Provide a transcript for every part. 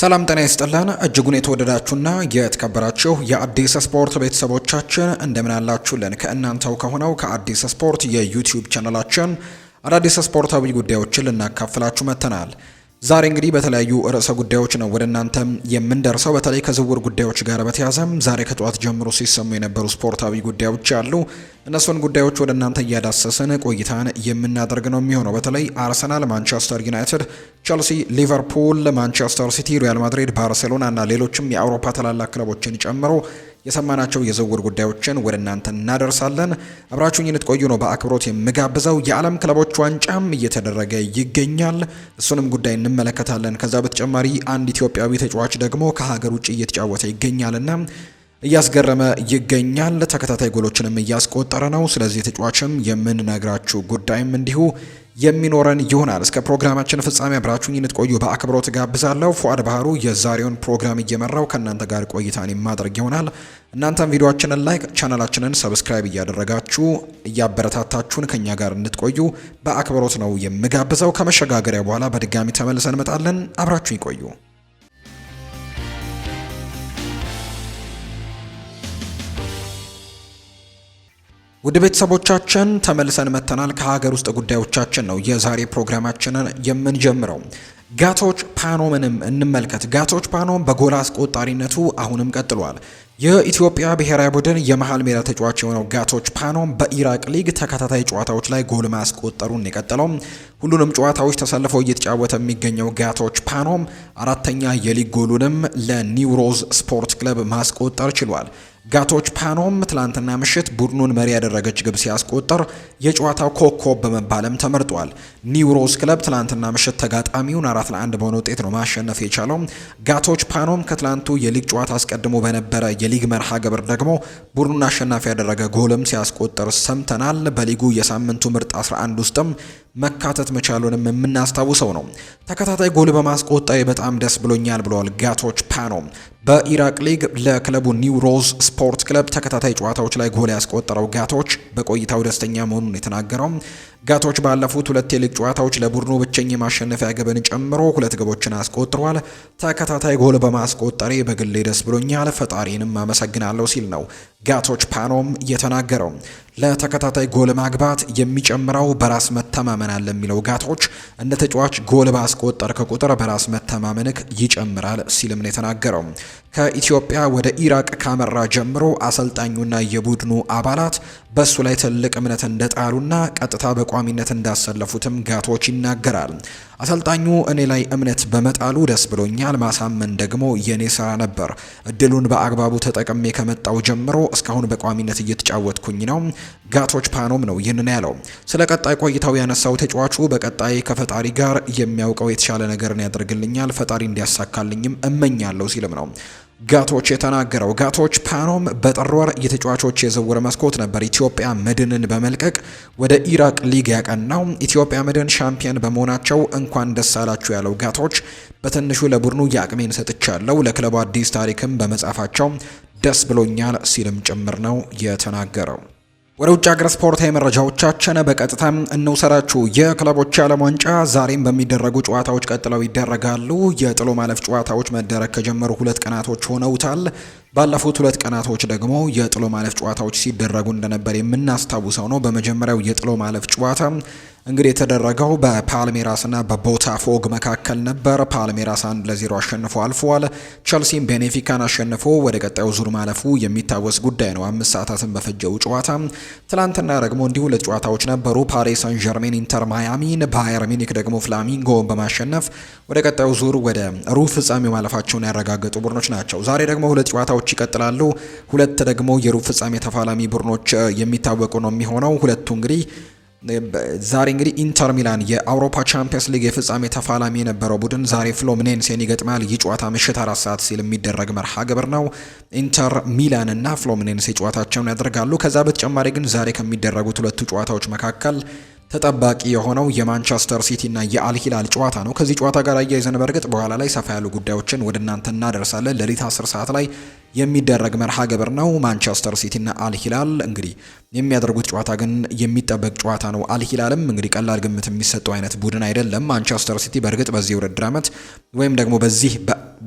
ሰላም ጤና ይስጥልን እጅጉን የተወደዳችሁና የተከበራችሁ የአዲስ ስፖርት ቤተሰቦቻችን እንደምን አላችሁልን? ከእናንተው ከሆነው ከአዲስ ስፖርት የዩቲዩብ ቻናላችን አዳዲስ ስፖርታዊ ጉዳዮችን ልናካፍላችሁ መጥተናል። ዛሬ እንግዲህ በተለያዩ ርዕሰ ጉዳዮች ነው ወደ እናንተ የምንደርሰው። በተለይ ከዝውውር ጉዳዮች ጋር በተያዘም ዛሬ ከጠዋት ጀምሮ ሲሰሙ የነበሩ ስፖርታዊ ጉዳዮች አሉ። እነሱን ጉዳዮች ወደ እናንተ እያዳሰስን ቆይታን የምናደርግ ነው የሚሆነው። በተለይ አርሰናል፣ ማንቸስተር ዩናይትድ፣ ቸልሲ፣ ሊቨርፑል፣ ማንቸስተር ሲቲ፣ ሪያል ማድሪድ፣ ባርሴሎና እና ሌሎችም የአውሮፓ ታላላቅ ክለቦችን ጨምሮ የሰማናቸው የዝውውር ጉዳዮችን ወደ እናንተ እናደርሳለን። አብራችሁኝ ልትቆዩ ነው በአክብሮት የምጋብዘው። የዓለም ክለቦች ዋንጫም እየተደረገ ይገኛል። እሱንም ጉዳይ እንመለከታለን። ከዛ በተጨማሪ አንድ ኢትዮጵያዊ ተጫዋች ደግሞ ከሀገር ውጭ እየተጫወተ ይገኛልና እያስገረመ ይገኛል። ተከታታይ ጎሎችንም እያስቆጠረ ነው። ስለዚህ ተጫዋችም የምንነግራችሁ ጉዳይም እንዲሁ የሚኖረን ይሆናል። እስከ ፕሮግራማችን ፍጻሜ አብራችሁኝ እንድትቆዩ በአክብሮት ጋብዛለሁ። ፉአድ ባህሩ የዛሬውን ፕሮግራም እየመራው ከእናንተ ጋር ቆይታን የማድረግ ይሆናል። እናንተም ቪዲዮችንን ላይክ፣ ቻናላችንን ሰብስክራይብ እያደረጋችሁ እያበረታታችሁን ከእኛ ጋር እንድትቆዩ በአክብሮት ነው የምጋብዘው። ከመሸጋገሪያ በኋላ በድጋሚ ተመልሰን እንመጣለን። አብራችሁኝ ይቆዩ። ወደ ቤተሰቦቻችን ተመልሰን መጥተናል። ከሀገር ውስጥ ጉዳዮቻችን ነው የዛሬ ፕሮግራማችንን የምንጀምረው። ጋቶች ፓኖምንም እንመልከት። ጋቶች ፓኖም በጎል አስቆጣሪነቱ አሁንም ቀጥሏል። የኢትዮጵያ ብሔራዊ ቡድን የመሀል ሜዳ ተጫዋች የሆነው ጋቶች ፓኖም በኢራቅ ሊግ ተከታታይ ጨዋታዎች ላይ ጎል ማስቆጠሩን የቀጠለው ሁሉንም ጨዋታዎች ተሰልፈው እየተጫወተ የሚገኘው ጋቶች ፓኖም አራተኛ የሊግ ጎሉንም ለኒውሮዝ ስፖርት ክለብ ማስቆጠር ችሏል። ጋቶች ፓኖም ትላንትና ምሽት ቡድኑን መሪ ያደረገች ግብ ሲያስቆጠር የጨዋታው ኮከብ በመባልም ተመርጧል። ኒውሮዝ ክለብ ትላንትና ምሽት ተጋጣሚውን አራት ለአንድ በሆነ ውጤት ነው ማሸነፍ የቻለው። ጋቶች ፓኖም ከትላንቱ የሊግ ጨዋታ አስቀድሞ በነበረ የሊግ መርሃ ግብር ደግሞ ቡድኑን አሸናፊ ያደረገ ጎልም ሲያስቆጥር ሰምተናል። በሊጉ የሳምንቱ ምርጥ 11 ውስጥም መካተት መቻሉንም የምናስታውሰው ነው። ተከታታይ ጎል በማስቆጣ በጣም ደስ ብሎኛል ብለዋል ጋቶች ፓኖም በኢራቅ ሊግ ለክለቡ ኒው ሮዝ ስፖርት ክለብ ተከታታይ ጨዋታዎች ላይ ጎል ያስቆጠረው ጋቶች በቆይታው ደስተኛ መሆኑን የተናገረው ጋቶች ባለፉት ሁለት የሊግ ጨዋታዎች ለቡድኑ ብቸኛ የማሸነፊያ ግብን ጨምሮ ሁለት ግቦችን አስቆጥሯል። ተከታታይ ጎል በማስቆጠሬ በግሌ ደስ ብሎኛል፣ ፈጣሪንም አመሰግናለሁ ሲል ነው ጋቶች ፓኖም የተናገረው። ለተከታታይ ጎል ማግባት የሚጨምረው በራስ መተማመን አለ የሚለው ጋቶች እንደ ተጫዋች ጎል ባስቆጠር ከቁጥር በራስ መተማመንክ ይጨምራል ሲልም ነው የተናገረው። ከኢትዮጵያ ወደ ኢራቅ ካመራ ጀምሮ አሰልጣኙና የቡድኑ አባላት በሱ ላይ ትልቅ እምነት እንደጣሉና ቀጥታ በቋሚነት እንዳሰለፉትም ጋቶች ይናገራል። አሰልጣኙ እኔ ላይ እምነት በመጣሉ ደስ ብሎኛል። ማሳመን ደግሞ የኔ ስራ ነበር። እድሉን በአግባቡ ተጠቅሜ ከመጣው ጀምሮ እስካሁን በቋሚነት እየተጫወትኩኝ ነው። ጋቶች ፓኖም ነው ይህንን ያለው። ስለ ቀጣይ ቆይታው ያነሳው ተጫዋቹ በቀጣይ ከፈጣሪ ጋር የሚያውቀው የተሻለ ነገርን ያደርግልኛል፣ ፈጣሪ እንዲያሳካልኝም እመኛለሁ ሲልም ነው ጋቶች የተናገረው ጋቶች ፓኖም በጥር ወር የተጫዋቾች የዝውውር መስኮት ነበር ኢትዮጵያ መድንን በመልቀቅ ወደ ኢራቅ ሊግ ያቀናው። ኢትዮጵያ መድን ሻምፒየን በመሆናቸው እንኳን ደስ አላችሁ ያለው ጋቶች በትንሹ ለቡድኑ የአቅሜን ሰጥቻለሁ፣ ለክለቡ አዲስ ታሪክም በመጻፋቸው ደስ ብሎኛል ሲልም ጭምር ነው የተናገረው። ወደ ውጭ ሀገር ስፖርታዊ መረጃዎቻችን በቀጥታ እንውሰዳችሁ። የክለቦች ዓለም ዋንጫ ዛሬም በሚደረጉ ጨዋታዎች ቀጥለው ይደረጋሉ። የጥሎ ማለፍ ጨዋታዎች መደረግ ከጀመሩ ሁለት ቀናቶች ሆነውታል። ባለፉት ሁለት ቀናቶች ደግሞ የጥሎ ማለፍ ጨዋታዎች ሲደረጉ እንደነበር የምናስታውሰው ነው። በመጀመሪያው የጥሎ ማለፍ ጨዋታ እንግዲህ የተደረገው በፓልሜራስና በቦታፎግ መካከል ነበር። ፓልሜራስ አንድ ለዜሮ አሸንፎ አልፏል። ቸልሲም ቤኔፊካን አሸንፎ ወደ ቀጣዩ ዙር ማለፉ የሚታወስ ጉዳይ ነው። አምስት ሰዓታትን በፈጀው ጨዋታ ትላንትና ደግሞ እንዲህ ሁለት ጨዋታዎች ነበሩ። ፓሪስ ሳን ጀርሜን ኢንተር ማያሚን፣ ባየር ሚኒክ ደግሞ ፍላሚንጎን በማሸነፍ ወደ ቀጣዩ ዙር ወደ ሩብ ፍጻሜ ማለፋቸውን ያረጋገጡ ቡድኖች ናቸው። ዛሬ ደግሞ ሁለት ጨዋታዎች ይቀጥላሉ። ሁለት ደግሞ የሩብ ፍጻሜ ተፋላሚ ቡድኖች የሚታወቁ ነው የሚሆነው ሁለቱ እንግዲህ ዛሬ እንግዲህ ኢንተር ሚላን የአውሮፓ ቻምፒየንስ ሊግ የፍጻሜ ተፋላሚ የነበረው ቡድን ዛሬ ፍሎምኔንሴን ይገጥማል። ይህ ጨዋታ ምሽት አራት ሰዓት ሲል የሚደረግ መርሃ ግብር ነው። ኢንተር ሚላን እና ፍሎምኔንሴ ጨዋታቸውን ያደርጋሉ። ከዛ በተጨማሪ ግን ዛሬ ከሚደረጉት ሁለቱ ጨዋታዎች መካከል ተጠባቂ የሆነው የማንቸስተር ሲቲ እና የአልሂላል ጨዋታ ነው። ከዚህ ጨዋታ ጋር አያይዘን በእርግጥ በኋላ ላይ ሰፋ ያሉ ጉዳዮችን ወደ እናንተ እናደርሳለን። ሌሊት አስር ሰዓት ላይ የሚደረግ መርሃ ግብር ነው። ማንቸስተር ሲቲና አልሂላል እንግዲህ የሚያደርጉት ጨዋታ ግን የሚጠበቅ ጨዋታ ነው። አልሂላልም እንግዲህ ቀላል ግምት የሚሰጠው አይነት ቡድን አይደለም። ማንቸስተር ሲቲ በእርግጥ በዚህ ውድድር ዓመት ወይም ደግሞ በዚህ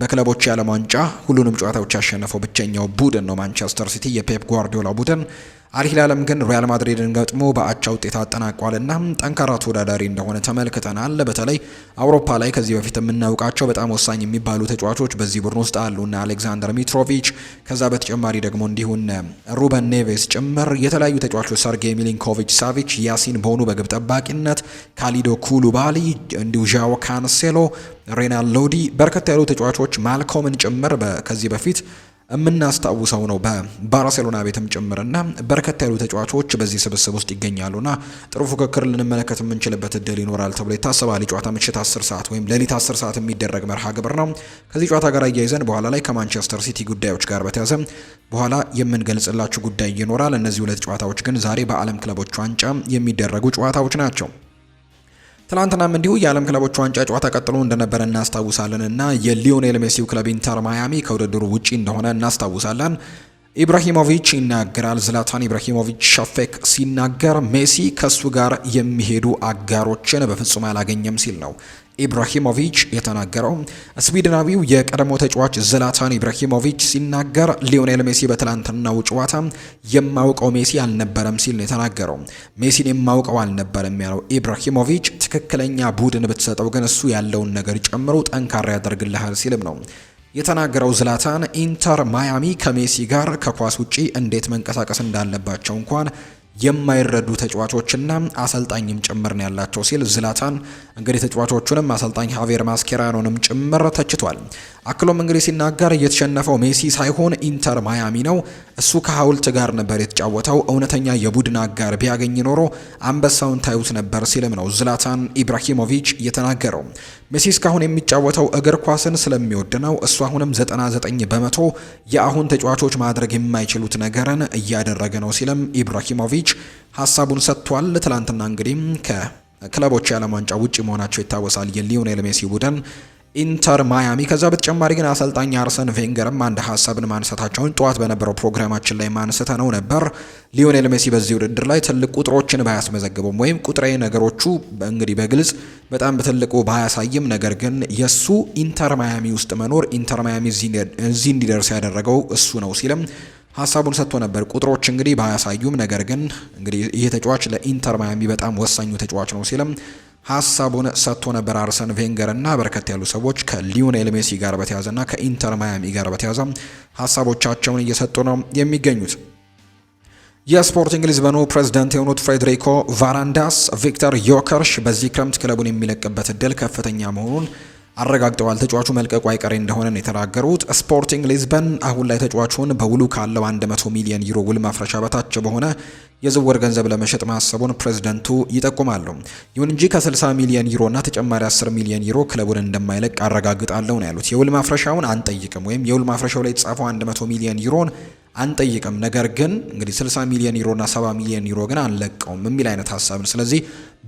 በክለቦች የዓለም ዋንጫ ሁሉንም ጨዋታዎች ያሸነፈው ብቸኛው ቡድን ነው ማንቸስተር ሲቲ የፔፕ ጓርዲዮላ ቡድን አልሂላልም ግን ሪያል ማድሪድን ገጥሞ በአቻ ውጤት አጠናቋልና ጠንካራ ተወዳዳሪ እንደሆነ ተመልክተናል። በተለይ አውሮፓ ላይ ከዚህ በፊት የምናውቃቸው በጣም ወሳኝ የሚባሉ ተጫዋቾች በዚህ ቡድን ውስጥ አሉና አሌክዛንደር ሚትሮቪች፣ ከዛ በተጨማሪ ደግሞ እንዲሁን ሩበን ኔቬስ ጭምር የተለያዩ ተጫዋቾች ሰርጌይ ሚሊንኮቪች ሳቪች፣ ያሲን ቦኑ በግብ ጠባቂነት፣ ካሊዶ ኩሉባሊ፣ እንዲሁ ዣዎ ካንሴሎ፣ ሬናል ሎዲ በርከት ያሉ ተጫዋቾች ማልኮምን ጭምር ከዚህ በፊት የምናስታውሰው ነው። በባርሴሎና ቤትም ጭምርና በርከት ያሉ ተጫዋቾች በዚህ ስብስብ ውስጥ ይገኛሉና ጥሩ ፉክክር ልንመለከት የምንችልበት እድል ይኖራል ተብሎ ይታሰባል። የጨዋታ ምሽት 10 ሰዓት ወይም ሌሊት 10 ሰዓት የሚደረግ መርሃ ግብር ነው። ከዚህ ጨዋታ ጋር አያይዘን በኋላ ላይ ከማንቸስተር ሲቲ ጉዳዮች ጋር በተያዘ በኋላ የምንገልጽላችሁ ጉዳይ ይኖራል። እነዚህ ሁለት ጨዋታዎች ግን ዛሬ በዓለም ክለቦች ዋንጫ የሚደረጉ ጨዋታዎች ናቸው። ትላንትናም እንዲሁ የዓለም ክለቦች ዋንጫ ጨዋታ ቀጥሎ እንደነበረ እናስታውሳለን እና የሊዮኔል ሜሲው ክለብ ኢንተር ማያሚ ከውድድሩ ውጪ እንደሆነ እናስታውሳለን። ኢብራሂሞቪች ይናገራል። ዝላታን ኢብራሂሞቪች ሸፌክ ሲናገር ሜሲ ከእሱ ጋር የሚሄዱ አጋሮችን በፍጹም አላገኘም ሲል ነው ኢብራሂሞቪች የተናገረው። ስዊድናዊው የቀድሞ ተጫዋች ዝላታን ኢብራሂሞቪች ሲናገር ሊዮኔል ሜሲ በትላንትናው ጨዋታ የማውቀው ሜሲ አልነበረም ሲል ነው የተናገረው። ሜሲን የማውቀው አልነበረም ያለው ኢብራሂሞቪች ትክክለኛ ቡድን ብትሰጠው ግን እሱ ያለውን ነገር ጨምሮ ጠንካራ ያደርግልሃል ሲልም ነው የተናገረው። ዝላታን ኢንተር ማያሚ ከሜሲ ጋር ከኳስ ውጪ እንዴት መንቀሳቀስ እንዳለባቸው እንኳን የማይረዱ ተጫዋቾችና አሰልጣኝም ጭምር ነው ያላቸው ሲል ዝላታን እንግዲህ ተጫዋቾቹንም አሰልጣኝ ሀቬር ማስኬራኖንም ጭምር ተችቷል። አክሎም እንግዲህ ሲናገር የተሸነፈው ሜሲ ሳይሆን ኢንተር ማያሚ ነው። እሱ ከሀውልት ጋር ነበር የተጫወተው። እውነተኛ የቡድን አጋር ቢያገኝ ኖሮ አንበሳውን ታዩት ነበር ሲልም ነው ዝላታን ኢብራሂሞቪች የተናገረው። ሜሲ እስካሁን የሚጫወተው እግር ኳስን ስለሚወድ ነው። እሱ አሁንም 99 በመቶ የአሁን ተጫዋቾች ማድረግ የማይችሉት ነገርን እያደረገ ነው ሲልም ኢብራሂሞቪች ሞድሪች ሀሳቡን ሰጥቷል። ትላንትና እንግዲህ ከክለቦች የዓለም ዋንጫ ውጭ መሆናቸው ይታወሳል። የሊዮኔል ሜሲ ቡድን ኢንተር ማያሚ። ከዛ በተጨማሪ ግን አሰልጣኝ አርሰን ቬንገርም አንድ ሀሳብን ማንሳታቸውን ጠዋት በነበረው ፕሮግራማችን ላይ ማንስተ ነው ነበር። ሊዮኔል ሜሲ በዚህ ውድድር ላይ ትልቅ ቁጥሮችን ባያስመዘግቡም ወይም ቁጥራዊ ነገሮቹ እንግዲህ በግልጽ በጣም በትልቁ ባያሳይም፣ ነገር ግን የእሱ ኢንተር ማያሚ ውስጥ መኖር ኢንተር ማያሚ እዚህ እንዲደርስ ያደረገው እሱ ነው ሲልም ሀሳቡን ሰጥቶ ነበር። ቁጥሮች እንግዲህ ባያሳዩም ነገር ግን እንግዲህ ይህ ተጫዋች ለኢንተር ማያሚ በጣም ወሳኙ ተጫዋች ነው ሲልም ሀሳቡን ሰጥቶ ነበር። አርሰን ቬንገር እና በርከት ያሉ ሰዎች ከሊዮኔል ሜሲ ጋር በተያዘና ከኢንተር ማያሚ ጋር በተያዘ ሀሳቦቻቸውን እየሰጡ ነው የሚገኙት። የስፖርቲንግ ሊዝበኑ ፕሬዝዳንት የሆኑት ፍሬድሪኮ ቫራንዳስ ቪክተር ዮከርሽ በዚህ ክረምት ክለቡን የሚለቅበት እድል ከፍተኛ መሆኑን አረጋግጠዋል። ተጫዋቹ መልቀቁ አይቀሬ እንደሆነ ነው የተናገሩት። ስፖርቲንግ ሊዝበን አሁን ላይ ተጫዋቹን በውሉ ካለው 100 ሚሊዮን ዩሮ ውል ማፍረሻ በታች በሆነ የዝውውር ገንዘብ ለመሸጥ ማሰቡን ፕሬዝደንቱ ይጠቁማሉ። ይሁን እንጂ ከ60 ሚሊዮን እና ተጨማሪ 10 ሚሊዮን ዩሮ ክለቡን እንደማይለቅ አረጋግጣለሁ ነው ያሉት። የውል ማፍረሻውን አንጠይቅም ወይም የውል ማፍረሻው ላይ የተጻፈው 100 ሚሊዮን ዩሮን አንጠይቅም ነገር ግን እንግዲህ 60 ሚሊዮን ዩሮ እና 70 ሚሊዮን ዩሮ ግን አንለቀውም የሚል አይነት ሀሳብ ነው። ስለዚህ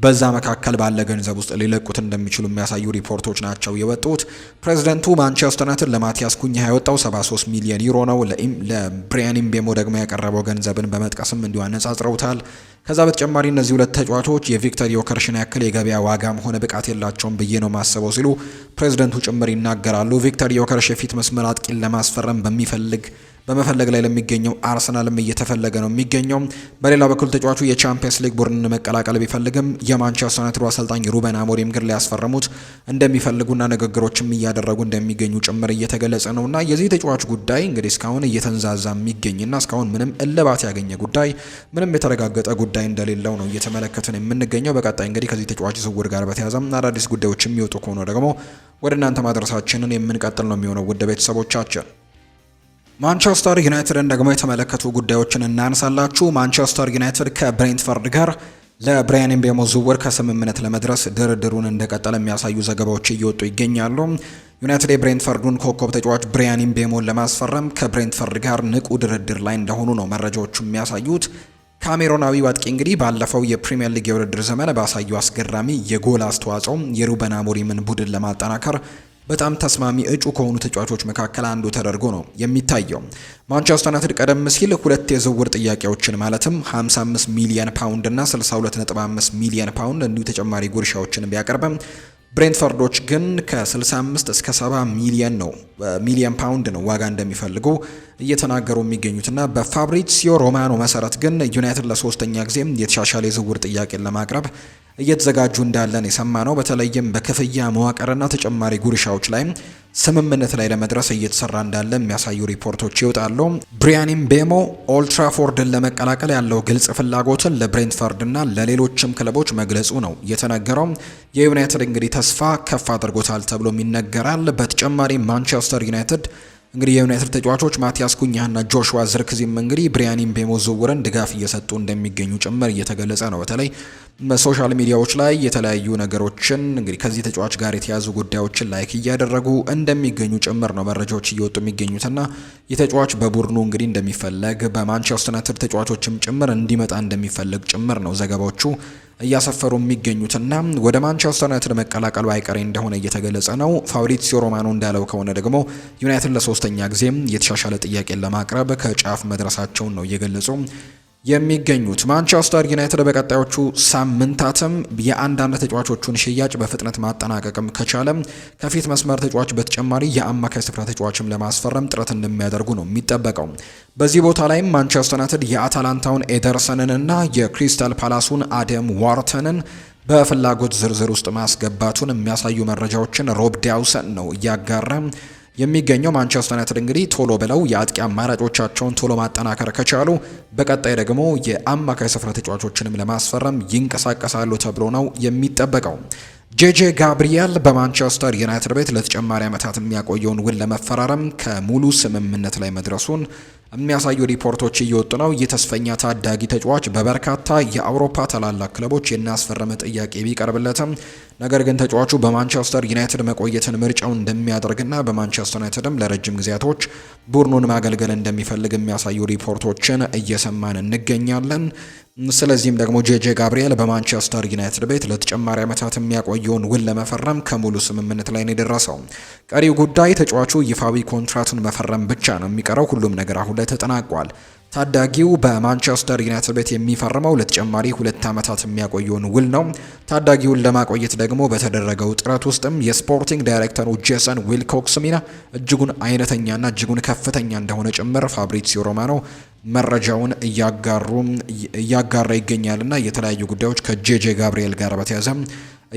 በዛ መካከል ባለ ገንዘብ ውስጥ ሊለቁት እንደሚችሉ የሚያሳዩ ሪፖርቶች ናቸው የወጡት። ፕሬዚደንቱ ማንቸስተር ዩናይትድ ለማቲያስ ኩኛ ያወጣው 73 ሚሊዮን ዩሮ ነው። ለብሪያን ምቤሞ ደግሞ ያቀረበው ገንዘብን በመጥቀስም እንዲሁ አነጻጽረውታል። ከዛ በተጨማሪ እነዚህ ሁለት ተጫዋቾች የቪክተር ዮከርሽን ያክል የገበያ ዋጋም ሆነ ብቃት የላቸውም ብዬ ነው ማሰበው ሲሉ ፕሬዚደንቱ ጭምር ይናገራሉ። ቪክተር ዮከርሽ የፊት መስመር አጥቂን ለማስፈረም በሚፈልግ በመፈለግ ላይ ለሚገኘው አርሰናልም እየተፈለገ ነው የሚገኘው። በሌላ በኩል ተጫዋቹ የቻምፒየንስ ሊግ ቡድንን መቀላቀል ቢፈልግም የማንቸስተር ዩናይትድ አሰልጣኝ ሩበን አሞሪም ግን ሊያስፈርሙት እንደሚፈልጉና ንግግሮችም እያደረጉ እንደሚገኙ ጭምር እየተገለጸ ነውና የዚህ ተጫዋች ጉዳይ እንግዲህ እስካሁን እየተንዛዛ የሚገኝና እስካሁን ምንም እልባት ያገኘ ጉዳይ ምንም የተረጋገጠ ጉዳይ ጉዳይ እንደሌለው ነው እየተመለከትን የምንገኘው። በቀጣይ እንግዲህ ከዚህ ተጫዋች ዝውውር ጋር በተያያዘም አዳዲስ ጉዳዮች የሚወጡ ከሆነ ደግሞ ወደ እናንተ ማድረሳችንን የምንቀጥል ነው የሚሆነው ውድ ቤተሰቦቻችን። ማንቸስተር ዩናይትድን ደግሞ የተመለከቱ ጉዳዮችን እናንሳላችሁ። ማንቸስተር ዩናይትድ ከብሬንትፈርድ ጋር ለብራያን ቤሞ ዝውውር ከስምምነት ለመድረስ ድርድሩን እንደቀጠለ የሚያሳዩ ዘገባዎች እየወጡ ይገኛሉ። ዩናይትድ የብሬንትፈርዱን ኮከብ ተጫዋች ብራያን ምቤሞን ለማስፈረም ከብሬንትፈርድ ጋር ንቁ ድርድር ላይ እንደሆኑ ነው መረጃዎቹ የሚያሳዩት። ካሜሮናዊው አጥቂ እንግዲህ ባለፈው የፕሪምየር ሊግ የውድድር ዘመን ባሳዩ አስገራሚ የጎል አስተዋጽኦ የሩበን አሞሪምን ቡድን ለማጠናከር በጣም ተስማሚ እጩ ከሆኑ ተጫዋቾች መካከል አንዱ ተደርጎ ነው የሚታየው። ማንቸስተር ዩናይትድ ቀደም ሲል ሁለት የዝውውር ጥያቄዎችን ማለትም 55 ሚሊየን ፓውንድ እና 62.5 ሚሊየን ፓውንድ እንዲሁ ተጨማሪ ጉርሻዎችን ቢያቀርብም ብሬንትፈርዶች ግን ከ65 እስከ 70 ሚሊየን ነው ሚሊየን ፓውንድ ነው ዋጋ እንደሚፈልጉ እየተናገሩ የሚገኙትና በፋብሪሲዮ ሮማኖ መሰረት ግን ዩናይትድ ለሶስተኛ ጊዜም የተሻሻለ የዝውውር ጥያቄን ለማቅረብ እየተዘጋጁ እንዳለን የሰማ ነው። በተለይም በክፍያ መዋቅርና ተጨማሪ ጉርሻዎች ላይ ስምምነት ላይ ለመድረስ እየተሰራ እንዳለ የሚያሳዩ ሪፖርቶች ይወጣሉ። ብሪያኒም ቤሞ ኦልትራፎርድን ለመቀላቀል ያለው ግልጽ ፍላጎትን ለብሬንትፈርድና ለሌሎችም ክለቦች መግለጹ ነው የተነገረው። የዩናይትድ እንግዲህ ተስፋ ከፍ አድርጎታል ተብሎም ይነገራል። በተጨማሪ ማንቸስተር ዩናይትድ እንግዲህ የዩናይትድ ተጫዋቾች ማቲያስ ኩኛህና ጆሹዋ ዝርክዚም እንግዲህ ብሪያን ምቤሞ ዝውውርን ድጋፍ እየሰጡ እንደሚገኙ ጭምር እየተገለጸ ነው። በተለይ ሶሻል ሚዲያዎች ላይ የተለያዩ ነገሮችን እንግዲህ ከዚህ ተጫዋች ጋር የተያዙ ጉዳዮችን ላይክ እያደረጉ እንደሚገኙ ጭምር ነው መረጃዎች እየወጡ የሚገኙትና የተጫዋች በቡድኑ እንግዲህ እንደሚፈለግ በማንቸስተር ዩናይትድ ተጫዋቾችም ጭምር እንዲመጣ እንደሚፈለግ ጭምር ነው ዘገባዎቹ እያሰፈሩ የሚገኙትና ወደ ማንቸስተር ዩናይትድ መቀላቀሉ አይቀሬ እንደሆነ እየተገለጸ ነው። ፋብሪዚዮ ሮማኖ እንዳለው ከሆነ ደግሞ ዩናይትድ ለሶስተኛ ጊዜም የተሻሻለ ጥያቄን ለማቅረብ ከጫፍ መድረሳቸውን ነው እየገለጹ የሚገኙት ማንቸስተር ዩናይትድ በቀጣዮቹ ሳምንታትም የአንዳንድ ተጫዋቾቹን ሽያጭ በፍጥነት ማጠናቀቅም ከቻለም ከፊት መስመር ተጫዋች በተጨማሪ የአማካይ ስፍራ ተጫዋችም ለማስፈረም ጥረት እንደሚያደርጉ ነው የሚጠበቀው። በዚህ ቦታ ላይም ማንቸስተር ዩናይትድ የአታላንታውን ኤደርሰንን እና የክሪስታል ፓላሱን አደም ዋርተንን በፍላጎት ዝርዝር ውስጥ ማስገባቱን የሚያሳዩ መረጃዎችን ሮብ ዳውሰን ነው እያጋራ የሚገኘው ማንቸስተር ዩናይትድ እንግዲህ ቶሎ ብለው የአጥቂ አማራጮቻቸውን ቶሎ ማጠናከር ከቻሉ በቀጣይ ደግሞ የአማካይ ስፍራ ተጫዋቾችንም ለማስፈረም ይንቀሳቀሳሉ ተብሎ ነው የሚጠበቀው። ጄጄ ጋብሪያል በማንቸስተር ዩናይትድ ቤት ለተጨማሪ ዓመታት የሚያቆየውን ውል ለመፈራረም ከሙሉ ስምምነት ላይ መድረሱን የሚያሳዩ ሪፖርቶች እየወጡ ነው። ይህ ተስፈኛ ታዳጊ ተጫዋች በበርካታ የአውሮፓ ታላላቅ ክለቦች የናስፈረመ ጥያቄ ቢቀርብለትም ነገር ግን ተጫዋቹ በማንቸስተር ዩናይትድ መቆየትን ምርጫው እንደሚያደርግና በማንቸስተር ዩናይትድም ለረጅም ጊዜያቶች ቡድኑን ማገልገል እንደሚፈልግ የሚያሳዩ ሪፖርቶችን እየሰማን እንገኛለን። ስለዚህም ደግሞ ጄጄ ጋብሪኤል በማንቸስተር ዩናይትድ ቤት ለተጨማሪ ዓመታት የሚያቆየውን ውል ለመፈረም ከሙሉ ስምምነት ላይ ነው የደረሰው። ቀሪው ጉዳይ ተጫዋቹ ይፋዊ ኮንትራቱን መፈረም ብቻ ነው የሚቀረው። ሁሉም ነገር አሁን ላይ ተጠናቋል። ታዳጊው በማንቸስተር ዩናይትድ ቤት የሚፈርመው ለተጨማሪ ሁለት ዓመታት የሚያቆየውን ውል ነው። ታዳጊውን ለማቆየት ደግሞ በተደረገው ጥረት ውስጥም የስፖርቲንግ ዳይሬክተሩ ጄሰን ዊልኮክስ ሚና እጅጉን አይነተኛና እጅጉን ከፍተኛ እንደሆነ ጭምር ፋብሪዚዮ ሮማኖ መረጃውን እያጋሩም እያጋራ ይገኛልና የተለያዩ ጉዳዮች ከጄጄ ጋብርኤል ጋር በተያያዘ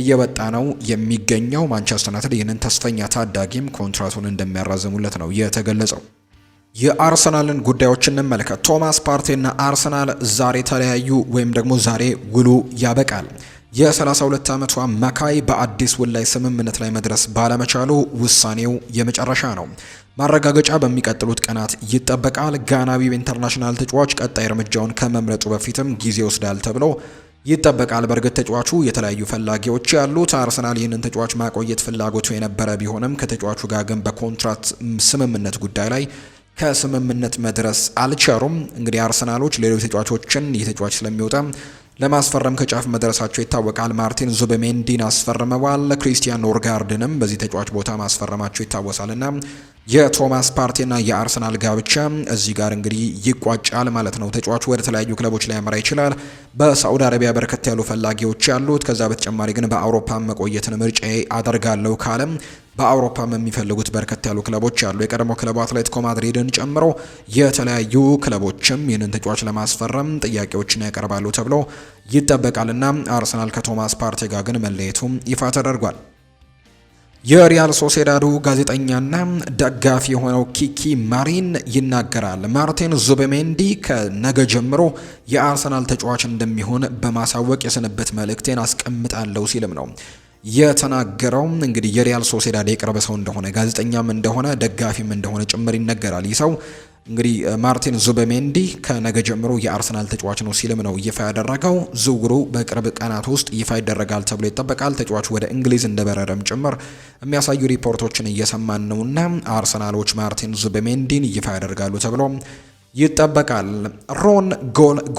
እየወጣ ነው የሚገኘው። ማንቸስተር ዩናይትድ ይህንን ተስፈኛ ታዳጊም ኮንትራቱን እንደሚያራዘሙለት ነው የተገለጸው። የአርሰናልን ጉዳዮች እንመልከት። ቶማስ ፓርቴና አርሰናል ዛሬ ተለያዩ ወይም ደግሞ ዛሬ ውሉ ያበቃል። የ32 ዓመቷ መካይ በአዲስ ውል ላይ ስምምነት ላይ መድረስ ባለመቻሉ ውሳኔው የመጨረሻ ነው። ማረጋገጫ በሚቀጥሉት ቀናት ይጠበቃል። ጋናዊው ኢንተርናሽናል ተጫዋች ቀጣይ እርምጃውን ከመምረጡ በፊትም ጊዜ ይወስዳል ተብሎ ይጠበቃል። በእርግጥ ተጫዋቹ የተለያዩ ፈላጊዎች ያሉት አርሰናል ይህንን ተጫዋች ማቆየት ፍላጎቱ የነበረ ቢሆንም ከተጫዋቹ ጋር ግን በኮንትራት ስምምነት ጉዳይ ላይ ከስምምነት መድረስ አልቸሩም። እንግዲህ አርሰናሎች ሌሎች ተጫዋቾችን ይህ ተጫዋች ስለሚወጣ ለማስፈረም ከጫፍ መድረሳቸው ይታወቃል። ማርቲን ዙበሜንዲን አስፈርመዋል። ክሪስቲያን ኖርጋርድንም በዚህ ተጫዋች ቦታ ማስፈረማቸው ና የቶማስ ፓርቲና የአርሰናል ጋብቻ እዚህ ጋር እንግዲህ ይቋጫል ማለት ነው። ተጫዋቹ ወደ ተለያዩ ክለቦች ሊያመራ ይችላል። በሳዑዲ አረቢያ በርከት ያሉ ፈላጊዎች ያሉት፣ ከዛ በተጨማሪ ግን በአውሮፓ መቆየትን ምርጫ አደርጋለሁ ካለም በአውሮፓም የሚፈልጉት በርከት ያሉ ክለቦች አሉ። የቀድሞ ክለቡ አትሌቲኮ ማድሪድን ጨምሮ የተለያዩ ክለቦችም ይህንን ተጫዋች ለማስፈረም ጥያቄዎችን ያቀርባሉ ተብሎ ይጠበቃልና አርሰናል ከቶማስ ፓርቴ ጋር ግን መለየቱም ይፋ ተደርጓል። የሪያል ሶሴዳዱ ጋዜጠኛና ደጋፊ የሆነው ኪኪ ማሪን ይናገራል። ማርቲን ዙቤሜንዲ ከነገ ጀምሮ የአርሰናል ተጫዋች እንደሚሆን በማሳወቅ የስንብት መልእክቴን አስቀምጣለሁ ሲልም ነው የተናገረው እንግዲህ የሪያል ሶሴዳድ የቅርብ ሰው እንደሆነ ጋዜጠኛም እንደሆነ ደጋፊም እንደሆነ ጭምር ይነገራል። ይህ ሰው እንግዲህ ማርቲን ዙበሜንዲ ከነገ ጀምሮ የአርሰናል ተጫዋች ነው ሲልም ነው ይፋ ያደረገው። ዝውውሩ በቅርብ ቀናት ውስጥ ይፋ ይደረጋል ተብሎ ይጠበቃል። ተጫዋች ወደ እንግሊዝ እንደበረረም ጭምር የሚያሳዩ ሪፖርቶችን እየሰማን ነውና አርሰናሎች ማርቲን ዙበሜንዲን ይፋ ያደርጋሉ ተብሎ ይጠበቃል። ሮን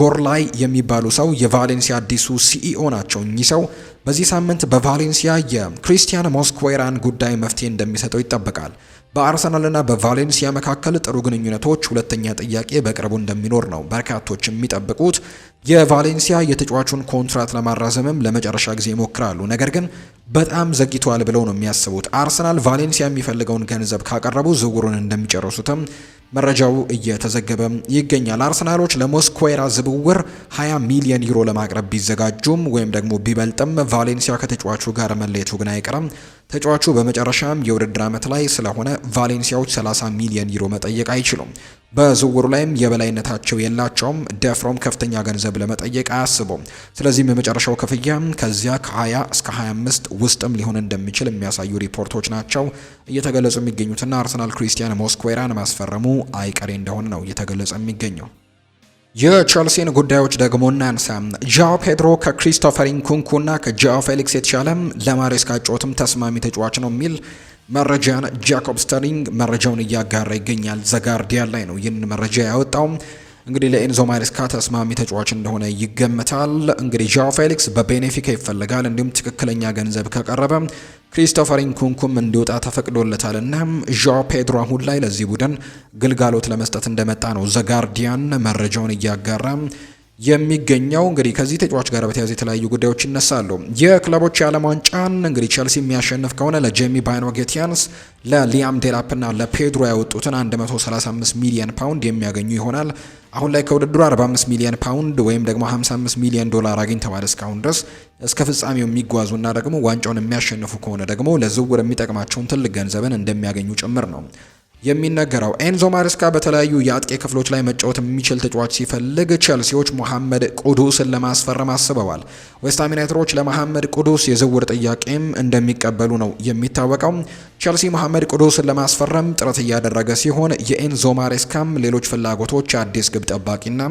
ጎርላይ የሚባሉ ሰው የቫሌንሲያ አዲሱ ሲኢኦ ናቸው። እኚህ ሰው በዚህ ሳምንት በቫሌንሲያ የክሪስቲያን ሞስኩዌራን ጉዳይ መፍትሄ እንደሚሰጠው ይጠበቃል። በአርሰናልና በቫሌንሲያ መካከል ጥሩ ግንኙነቶች ሁለተኛ ጥያቄ በቅርቡ እንደሚኖር ነው በርካቶች የሚጠብቁት። የቫሌንሲያ የተጫዋቹን ኮንትራት ለማራዘምም ለመጨረሻ ጊዜ ይሞክራሉ፣ ነገር ግን በጣም ዘግይቷል ብለው ነው የሚያስቡት። አርሰናል ቫሌንሲያ የሚፈልገውን ገንዘብ ካቀረቡ ዝውውሩን እንደሚጨርሱትም መረጃው እየተዘገበ ይገኛል። አርሰናሎች ለሞስኮዌራ ዝውውር 20 ሚሊዮን ዩሮ ለማቅረብ ቢዘጋጁም ወይም ደግሞ ቢበልጥም ቫሌንሲያ ከተጫዋቹ ጋር መለየቱ ግን አይቀርም። ተጫዋቹ በመጨረሻም የውድድር ዓመት ላይ ስለሆነ ቫሌንሲያዎች 30 ሚሊዮን ዩሮ መጠየቅ አይችሉም። በዝውውሩ ላይም የበላይነታቸው የላቸውም። ደፍሮም ከፍተኛ ገንዘብ ለመጠየቅ አያስቡም። ስለዚህም የመጨረሻው ክፍያ ከዚያ ከ20 እስከ 25 ውስጥም ሊሆን እንደሚችል የሚያሳዩ ሪፖርቶች ናቸው እየተገለጹ የሚገኙትና አርሰናል ክሪስቲያን ሞስኩዌራን ማስፈረሙ አይቀሬ እንደሆነ ነው እየተገለጸ የሚገኘው። የቸልሲን ጉዳዮች ደግሞ እናንሳ። ጃኦ ፔድሮ ከክሪስቶፈር ኢንኩንኩና ከጃኦ ፌሊክስ የተሻለም ለማሬስካ ጮትም ተስማሚ ተጫዋች ነው የሚል መረጃን ጃኮብ ስተሪንግ መረጃውን እያጋራ ይገኛል። ዘጋርዲያን ላይ ነው ይህንን መረጃ ያወጣው። እንግዲህ ለኤንዞ ማሬስካ ተስማሚ ተጫዋች እንደሆነ ይገመታል። እንግዲህ ዣኦ ፌሊክስ በቤኔፊካ ይፈለጋል። እንዲሁም ትክክለኛ ገንዘብ ከቀረበ ክሪስቶፈር ንኩንኩም እንዲወጣ ተፈቅዶለታል እና ዣኦ ፔድሮ አሁን ላይ ለዚህ ቡድን ግልጋሎት ለመስጠት እንደመጣ ነው ዘጋርዲያን መረጃውን እያጋራ የሚገኘው እንግዲህ ከዚህ ተጫዋች ጋር በተያያዘ የተለያዩ ጉዳዮች ይነሳሉ። የክለቦች የዓለም ዋንጫን እንግዲህ ቸልሲ የሚያሸንፍ ከሆነ ለጄሚ ባይኖ ጌቲያንስ ለሊያም ዴላፕና ለፔድሮ ያወጡትን 135 ሚሊዮን ፓውንድ የሚያገኙ ይሆናል። አሁን ላይ ከውድድሩ 45 ሚሊዮን ፓውንድ ወይም ደግሞ 55 ሚሊዮን ዶላር አግኝተዋል እስካሁን ድረስ። እስከ ፍጻሜው የሚጓዙና ደግሞ ዋንጫውን የሚያሸንፉ ከሆነ ደግሞ ለዝውውር የሚጠቅማቸውን ትልቅ ገንዘብን እንደሚያገኙ ጭምር ነው። የሚነገረው። ኤንዞ ማሪስካ በተለያዩ የአጥቂ ክፍሎች ላይ መጫወት የሚችል ተጫዋች ሲፈልግ ቸልሲዎች መሐመድ ቁዱስን ለማስፈረም አስበዋል። ዌስትሃም ዩናይትዶች ለመሐመድ ቁዱስ የዝውውር ጥያቄም እንደሚቀበሉ ነው የሚታወቀው። ቸልሲ መሐመድ ቁዱስን ለማስፈረም ጥረት እያደረገ ሲሆን የኤንዞ ማሪስካም ሌሎች ፍላጎቶች አዲስ ግብ ጠባቂና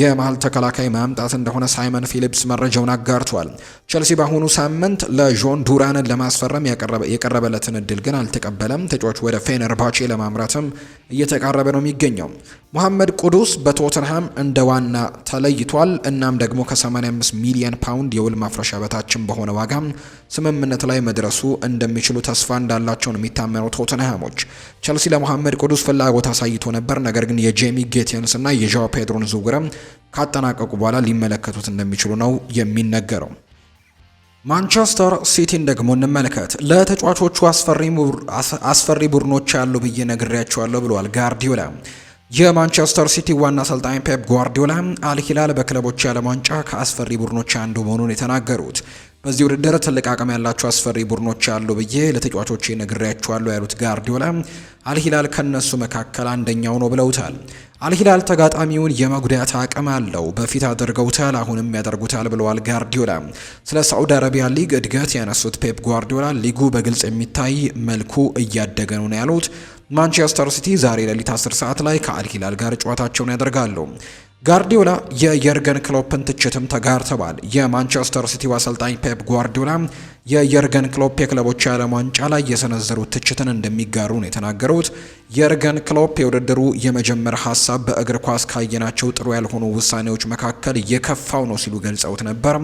የመሀል ተከላካይ ማምጣት እንደሆነ ሳይመን ፊሊፕስ መረጃውን አጋርቷል። ቸልሲ በአሁኑ ሳምንት ለዦን ዱራንን ለማስፈረም የቀረበለትን እድል ግን አልተቀበለም። ተጫዋቹ ወደ ፌነርባቼ ለማምራትም እየተቃረበ ነው የሚገኘው። ሙሐመድ ቁዱስ በቶተንሃም እንደ ዋና ተለይቷል። እናም ደግሞ ከ85 ሚሊዮን ፓውንድ የውል ማፍረሻ በታችን በሆነ ዋጋ ስምምነት ላይ መድረሱ እንደሚችሉ ተስፋ እንዳላቸው ነው የሚታመኑ ቶተንሃሞች። ቸልሲ ለሙሐመድ ቁዱስ ፍላጎት አሳይቶ ነበር፣ ነገር ግን የጄሚ ጌቴንስ እና የዣዋ ፔድሮን ዝውውርም ካጠናቀቁ በኋላ ሊመለከቱት እንደሚችሉ ነው የሚነገረው። ማንቸስተር ሲቲን ደግሞ እንመልከት። ለተጫዋቾቹ አስፈሪ ቡድኖች ያሉ ብዬ ነግሬያቸዋለሁ ብለዋል ጋርዲዮላ የማንቸስተር ሲቲ ዋና አሰልጣኝ ፔፕ ጓርዲዮላ አልሂላል በክለቦች የዓለም ዋንጫ ከአስፈሪ ቡድኖች አንዱ መሆኑን የተናገሩት በዚህ ውድድር ትልቅ አቅም ያላቸው አስፈሪ ቡድኖች አሉ ብዬ ለተጫዋቾች ነግሬያቸዋለሁ ያሉት ጋርዲዮላ አልሂላል ከነሱ መካከል አንደኛው ነው ብለውታል። አልሂላል ተጋጣሚውን የመጉዳት አቅም አለው። በፊት አድርገውታል፣ አሁንም ያደርጉታል ብለዋል ጋርዲዮላ። ስለ ሳዑዲ አረቢያ ሊግ እድገት ያነሱት ፔፕ ጓርዲዮላ ሊጉ በግልጽ የሚታይ መልኩ እያደገ ነው ያሉት ማንቸስተር ሲቲ ዛሬ ሌሊት 10 ሰዓት ላይ ከአልሂላል ጋር ጨዋታቸውን ያደርጋሉ። ጓርዲዮላ የየርገን ክሎፕን ትችትም ተጋርተዋል። የማንቸስተር ሲቲው አሰልጣኝ ፔፕ ጓርዲዮላ የየርገን ክሎፕ የክለቦች የዓለም ዋንጫ ላይ የሰነዘሩት ትችትን እንደሚጋሩ ነው የተናገሩት። የርገን ክሎፕ የውድድሩ የመጀመር ሀሳብ በእግር ኳስ ካየናቸው ጥሩ ያልሆኑ ውሳኔዎች መካከል የከፋው ነው ሲሉ ገልጸውት ነበር።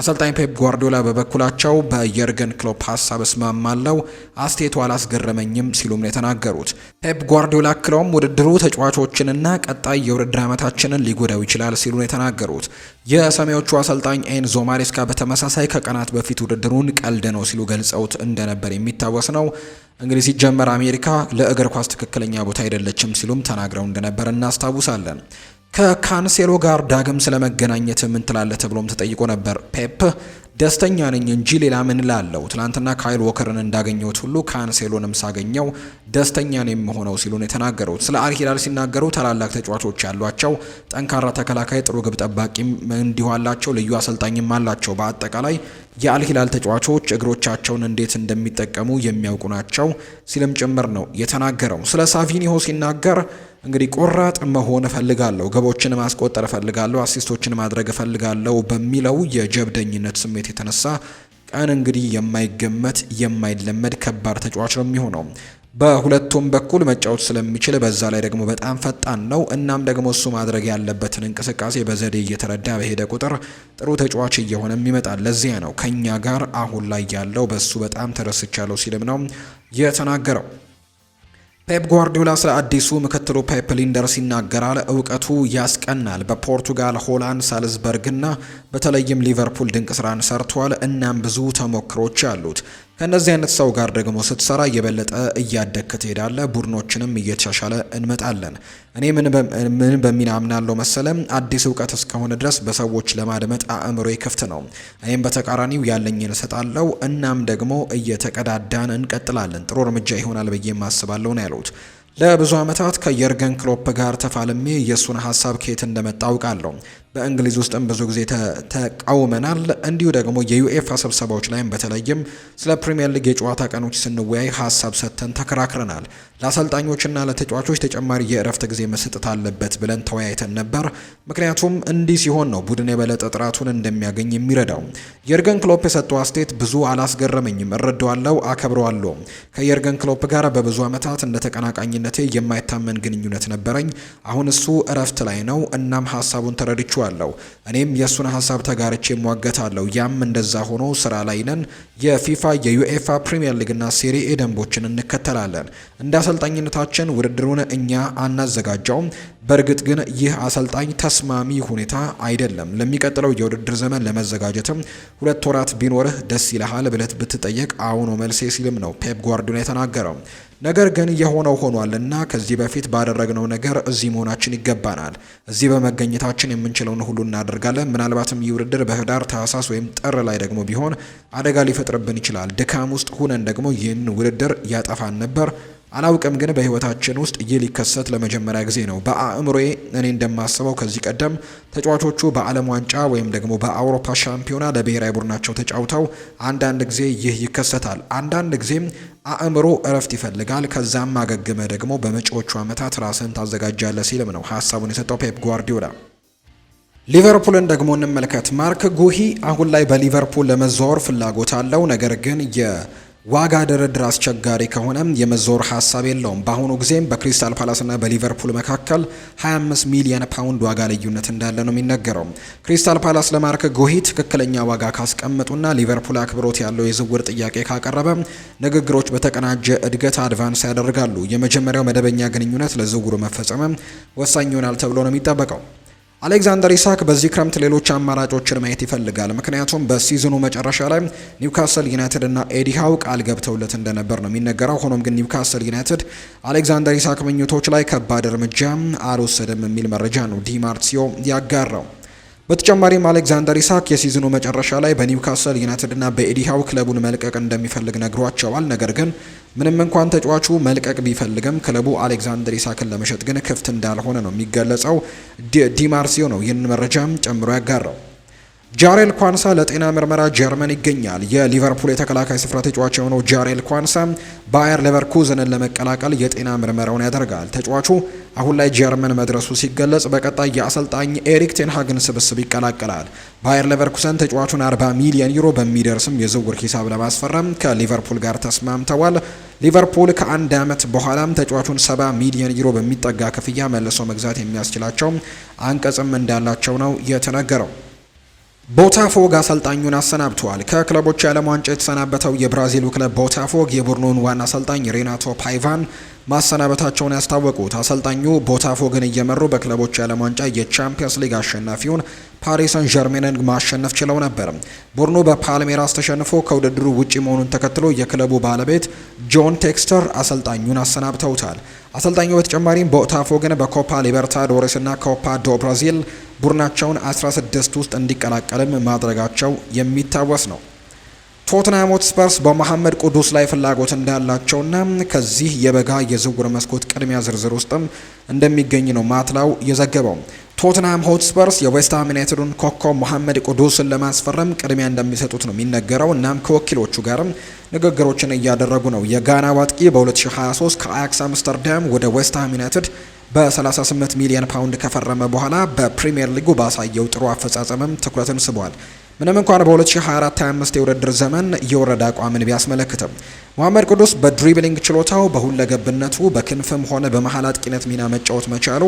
አሰልጣኝ ፔፕ ጓርዲዮላ በበኩላቸው በየርገን ክሎፕ ሀሳብ እስማማለሁ፣ አስቴቱ አላስገረመኝም ሲሉም ነው የተናገሩት። ፔፕ ጓርዲዮላ አክለውም ውድድሩ ተጫዋቾችንና ቀጣይ የውድድር ዓመታችንን ሊጎዳው ይችላል ሲሉ ነው የተናገሩት። የሰሜዎቹ አሰልጣኝ ኤንዞ ማሬስካ በተመሳሳይ ከቀናት በፊት ውድድሩን ቀልድ ነው ሲሉ ገልጸውት እንደነበር የሚታወስ ነው። እንግዲህ ሲጀመር አሜሪካ ለእግር ኳስ ትክክለኛ ቦታ አይደለችም ሲሉም ተናግረው እንደነበር እናስታውሳለን። ከካንሴሎ ጋር ዳግም ስለመገናኘት ምን ትላለህ ተብሎም ተጠይቆ ነበር። ፔፕ ደስተኛ ነኝ እንጂ ሌላ ምን ላለው፣ ትናንትና ካይል ወከርን እንዳገኘሁት ሁሉ ካንሴሎንም ሳገኘው ደስተኛ ነው የምሆነው ሲሉን የተናገሩት። ስለ አልሂላል ሲናገሩ ታላላቅ ተጫዋቾች ያሏቸው፣ ጠንካራ ተከላካይ፣ ጥሩ ግብ ጠባቂም እንዲሁ አላቸው፣ ልዩ አሰልጣኝም አላቸው። በአጠቃላይ የአልሂላል ተጫዋቾች እግሮቻቸውን እንዴት እንደሚጠቀሙ የሚያውቁ ናቸው ሲልም ጭምር ነው የተናገረው። ስለ ሳቪኒሆ ሲናገር እንግዲህ ቆራጥ መሆን እፈልጋለሁ፣ ግቦችን ማስቆጠር እፈልጋለሁ፣ አሲስቶችን ማድረግ እፈልጋለሁ በሚለው የጀብደኝነት ስሜት የተነሳ ቀን እንግዲህ የማይገመት የማይለመድ ከባድ ተጫዋች ነው የሚሆነው። በሁለቱም በኩል መጫወት ስለሚችል በዛ ላይ ደግሞ በጣም ፈጣን ነው። እናም ደግሞ እሱ ማድረግ ያለበትን እንቅስቃሴ በዘዴ እየተረዳ በሄደ ቁጥር ጥሩ ተጫዋች እየሆነም ይመጣል። ለዚያ ነው ከኛ ጋር አሁን ላይ ያለው በሱ በጣም ተደስቻለሁ ሲልም ነው የተናገረው። ፔፕ ጓርዲዮላ ስለ አዲሱ ምክትሉ ፔፕ ሊንደርስ ይናገራል። እውቀቱ ያስቀናል። በፖርቱጋል ሆላንድ፣ ሳልዝበርግ እና በተለይም ሊቨርፑል ድንቅ ስራን ሰርቷል። እናም ብዙ ተሞክሮች አሉት። ከእነዚህ አይነት ሰው ጋር ደግሞ ስትሰራ እየበለጠ እያደግክ ትሄዳለ፣ ቡድኖችንም እየተሻሻለ እንመጣለን። እኔ ምን በሚል አምናለሁ መሰለም አዲስ እውቀት እስከሆነ ድረስ በሰዎች ለማድመጥ አእምሮ ክፍት ነው። እኔም በተቃራኒው ያለኝን እሰጣለው፣ እናም ደግሞ እየተቀዳዳን እንቀጥላለን። ጥሩ እርምጃ ይሆናል ብዬ ማስባለው ነው ያሉት። ለብዙ ዓመታት ከየርገን ክሎፕ ጋር ተፋልሜ የእሱን ሀሳብ ከየት እንደመጣ አውቃለሁ። በእንግሊዝ ውስጥም ብዙ ጊዜ ተቃውመናል። እንዲሁ ደግሞ የዩኤፋ ስብሰባዎች ላይም በተለይም ስለ ፕሪምየር ሊግ የጨዋታ ቀኖች ስንወያይ ሀሳብ ሰጥተን ተከራክረናል። ለአሰልጣኞችና ለተጫዋቾች ተጨማሪ የእረፍት ጊዜ መሰጠት አለበት ብለን ተወያይተን ነበር። ምክንያቱም እንዲህ ሲሆን ነው ቡድን የበለጠ ጥራቱን እንደሚያገኝ የሚረዳው። የርገን ክሎፕ የሰጠው አስተያየት ብዙ አላስገረመኝም። እረዳዋለሁ፣ አከብረዋለሁ። ከየርገን ክሎፕ ጋር በብዙ ዓመታት እንደ ተቀናቃኝነቴ የማይታመን ግንኙነት ነበረኝ። አሁን እሱ እረፍት ላይ ነው። እናም ሀሳቡን ተረድቼ አለው። እኔም የእሱን ሀሳብ ተጋርቼ እሟገታለሁ። ያም እንደዛ ሆኖ ስራ ላይ ነን። የፊፋ የዩኤፋ ፕሪምየር ሊግና ሴሪኤ ደንቦችን እንከተላለን። እንደ አሰልጣኝነታችን ውድድሩን እኛ አናዘጋጀውም። በእርግጥ ግን ይህ አሰልጣኝ ተስማሚ ሁኔታ አይደለም። ለሚቀጥለው የውድድር ዘመን ለመዘጋጀትም ሁለት ወራት ቢኖርህ ደስ ይልሃል ብለት ብትጠየቅ አሁኖ መልሴ ሲልም ነው ፔፕ ጓርዲዮላ የተናገረው። ነገር ግን የሆነው ሆኗል እና ከዚህ በፊት ባደረግነው ነገር እዚህ መሆናችን ይገባናል። እዚህ በመገኘታችን የምንችለውን ሁሉ እናደርጋለን። ምናልባትም ይህ ውድድር በህዳር ታህሳስ ወይም ጥር ላይ ደግሞ ቢሆን አደጋ ሊፈጥርብን ይችላል። ድካም ውስጥ ሁነን ደግሞ ይህን ውድድር ያጠፋን ነበር። አላውቅም ግን በህይወታችን ውስጥ ይህ ሊከሰት ለመጀመሪያ ጊዜ ነው። በአእምሮዬ እኔ እንደማስበው ከዚህ ቀደም ተጫዋቾቹ በዓለም ዋንጫ ወይም ደግሞ በአውሮፓ ሻምፒዮና ለብሔራዊ ቡድናቸው ተጫውተው አንዳንድ ጊዜ ይህ ይከሰታል። አንዳንድ ጊዜም አእምሮ እረፍት ይፈልጋል። ከዛም አገግመ ደግሞ በመጪዎቹ ዓመታት ራስን ታዘጋጃለ ሲልም ነው ሀሳቡን የሰጠው ፔፕ ጓርዲዮላ። ሊቨርፑልን ደግሞ እንመልከት። ማርክ ጉሂ አሁን ላይ በሊቨርፑል ለመዘዋወር ፍላጎት አለው ነገር ግን ዋጋ ድርድር አስቸጋሪ ከሆነ የመዞር ሀሳብ የለውም። በአሁኑ ጊዜም በክሪስታል ፓላስና በሊቨርፑል መካከል 25 ሚሊየን ፓውንድ ዋጋ ልዩነት እንዳለ ነው የሚነገረው። ክሪስታል ፓላስ ለማርክ ጎሂ ትክክለኛ ዋጋ ካስቀመጡና ሊቨርፑል አክብሮት ያለው የዝውውር ጥያቄ ካቀረበ ንግግሮች በተቀናጀ እድገት አድቫንስ ያደርጋሉ። የመጀመሪያው መደበኛ ግንኙነት ለዝውውሩ መፈጸመም ወሳኝ ይሆናል ተብሎ ነው የሚጠበቀው። አሌክዛንደር ኢሳክ በዚህ ክረምት ሌሎች አማራጮችን ማየት ይፈልጋል። ምክንያቱም በሲዝኑ መጨረሻ ላይ ኒውካስል ዩናይትድ እና ኤዲሃው ቃል ገብተውለት እንደነበር ነው የሚነገረው። ሆኖም ግን ኒውካስል ዩናይትድ አሌክዛንደር ኢሳክ ምኞቶች ላይ ከባድ እርምጃ አልወሰደም የሚል መረጃ ነው ዲማርሲዮ ያጋራው። በተጨማሪም አሌክዛንደር ኢሳክ የሲዝኑ መጨረሻ ላይ በኒውካስል ዩናይትድ እና በኤዲሃው ክለቡን መልቀቅ እንደሚፈልግ ነግሯቸዋል። ነገር ግን ምንም እንኳን ተጫዋቹ መልቀቅ ቢፈልግም ክለቡ አሌክዛንደር ኢሳክን ለመሸጥ ግን ክፍት እንዳልሆነ ነው የሚገለጸው። ዲማርሲዮ ነው ይህንን መረጃም ጨምሮ ያጋራው። ጃሬል ኳንሳ ለጤና ምርመራ ጀርመን ይገኛል። የሊቨርፑል የተከላካይ ስፍራ ተጫዋች የሆነው ጃሬል ኳንሳ ባየር ሌቨርኩዘንን ለመቀላቀል የጤና ምርመራውን ያደርጋል። ተጫዋቹ አሁን ላይ ጀርመን መድረሱ ሲገለጽ በቀጣይ የአሰልጣኝ ኤሪክ ቴንሃግን ስብስብ ይቀላቀላል። ባየር ሌቨርኩዘን ተጫዋቹን 40 ሚሊዮን ዩሮ በሚደርስም የዝውውር ሂሳብ ለማስፈረም ከሊቨርፑል ጋር ተስማምተዋል። ሊቨርፑል ከአንድ ዓመት በኋላም ተጫዋቹን 70 ሚሊዮን ዩሮ በሚጠጋ ክፍያ መልሶ መግዛት የሚያስችላቸው አንቀጽም እንዳላቸው ነው የተነገረው። ቦታፎግ አሰልጣኙን አሰናብተዋል። ከክለቦች የዓለም ዋንጫ የተሰናበተው የብራዚሉ ክለብ ቦታፎግ የቡድኑን ዋና አሰልጣኝ ሬናቶ ፓይቫን ማሰናበታቸውን ያስታወቁት አሰልጣኙ ቦታፎግን እየመሩ በክለቦች የዓለም ዋንጫ የቻምፒየንስ ሊግ አሸናፊውን ፓሪስ ሰን ዠርሜንን ማሸነፍ ችለው ነበር። ቡድኑ በፓልሜራስ ተሸንፎ ከውድድሩ ውጪ መሆኑን ተከትሎ የክለቡ ባለቤት ጆን ቴክስተር አሰልጣኙን አሰናብተውታል። አሰልጣኙ በተጨማሪም ቦታፎግን በኮፓ ሊበርታዶሬስ እና ኮፓ ዶ ብራዚል ቡድናቸውን 16 ውስጥ እንዲቀላቀልም ማድረጋቸው የሚታወስ ነው። ቶትናም ሆትስፐርስ በመሐመድ ቁዱስ ላይ ፍላጎት እንዳላቸውና ከዚህ የበጋ የዝውውር መስኮት ቅድሚያ ዝርዝር ውስጥም እንደሚገኝ ነው ማትላው የዘገበው። ቶትናም ሆትስፐርስ የዌስትሃም ዩናይትዱን ኮከብ መሐመድ ቁዱስን ለማስፈረም ቅድሚያ እንደሚሰጡት ነው የሚነገረው። እናም ከወኪሎቹ ጋርም ንግግሮችን እያደረጉ ነው። የጋና ዋጥቂ በ2023 ከአያክስ አምስተርዳም ወደ ዌስትሃም ዩናይትድ በ38 ሚሊዮን ፓውንድ ከፈረመ በኋላ በፕሪምየር ሊጉ ባሳየው ጥሩ አፈጻጸምም ትኩረትን ስቧል። ምንም እንኳን በ2024/25 የውድድር ዘመን የወረደ አቋምን ቢያስመለክትም መሐመድ ቅዱስ በድሪብሊንግ ችሎታው፣ በሁለገብነቱ፣ በክንፍም ሆነ በመሀል አጥቂነት ሚና መጫወት መቻሉ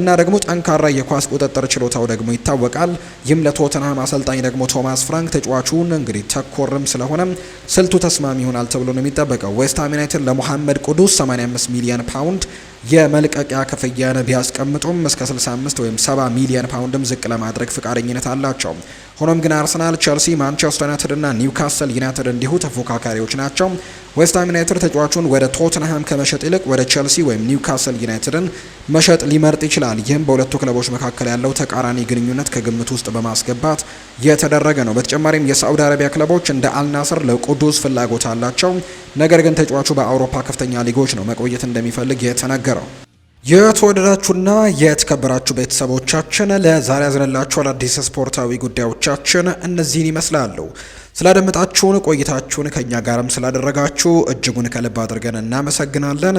እና ደግሞ ጠንካራ የኳስ ቁጥጥር ችሎታው ደግሞ ይታወቃል። ይህም ለቶተንሃም አሰልጣኝ ደግሞ ቶማስ ፍራንክ ተጫዋቹን እንግዲህ ተኮርም ስለሆነም ስልቱ ተስማሚ ይሆናል ተብሎ ነው የሚጠበቀው። ዌስትሃም ዩናይትድ ለሞሐመድ ቅዱስ 85 ሚሊዮን ፓውንድ የመልቀቂያ ክፍያን ቢያስቀምጡም እስከ 65 ወይም 70 ሚሊዮን ፓውንድም ዝቅ ለማድረግ ፍቃደኝነት አላቸው። ሆኖም ግን አርሰናል፣ ቸልሲ፣ ማንቸስተር ዩናይትድ እና ኒውካስል ዩናይትድ እንዲሁ ተፎካካሪዎች ናቸው። ዌስትሃም ዩናይትድ ተጫዋቹን ወደ ቶትንሃም ከመሸጥ ይልቅ ወደ ቸልሲ ወይም ኒውካስል ዩናይትድን መሸጥ ሊመርጥ ይችላል። ይህም በሁለቱ ክለቦች መካከል ያለው ተቃራኒ ግንኙነት ከግምት ውስጥ በማስገባት የተደረገ ነው። በተጨማሪም የሳዑዲ አረቢያ ክለቦች እንደ አልናስር ለቁዱስ ፍላጎት አላቸው። ነገር ግን ተጫዋቹ በአውሮፓ ከፍተኛ ሊጎች ነው መቆየት እንደሚፈልግ የተነገረው። የተወደዳችሁና የተከበራችሁ ቤተሰቦቻችን ለዛሬ ያዝንላችሁ አዳዲስ ስፖርታዊ ጉዳዮቻችን እነዚህን ይመስላሉ። ስላደመጣችሁን ቆይታችሁን ከእኛ ጋርም ስላደረጋችሁ እጅጉን ከልብ አድርገን እናመሰግናለን።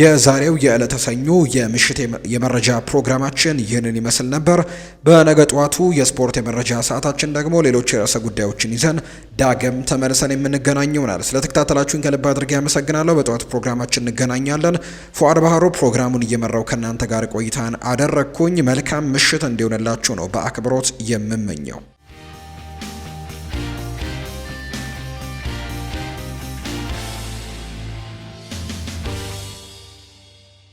የዛሬው የዕለተ ሰኞ የምሽት የመረጃ ፕሮግራማችን ይህንን ይመስል ነበር። በነገ የስፖርት የመረጃ ሰዓታችን ደግሞ ሌሎች የርዕሰ ጉዳዮችን ይዘን ዳግም ተመልሰን የምንገናኝ ይሆናል። ስለተከታተላችሁን ከልብ አድርጌ ያመሰግናለሁ። በጠዋቱ ፕሮግራማችን እንገናኛለን። ፉአድ ባህሩ ፕሮግራሙን እየመራው ከእናንተ ጋር ቆይታን አደረግኩኝ። መልካም ምሽት እንዲሆንላችሁ ነው በአክብሮት የምመኘው።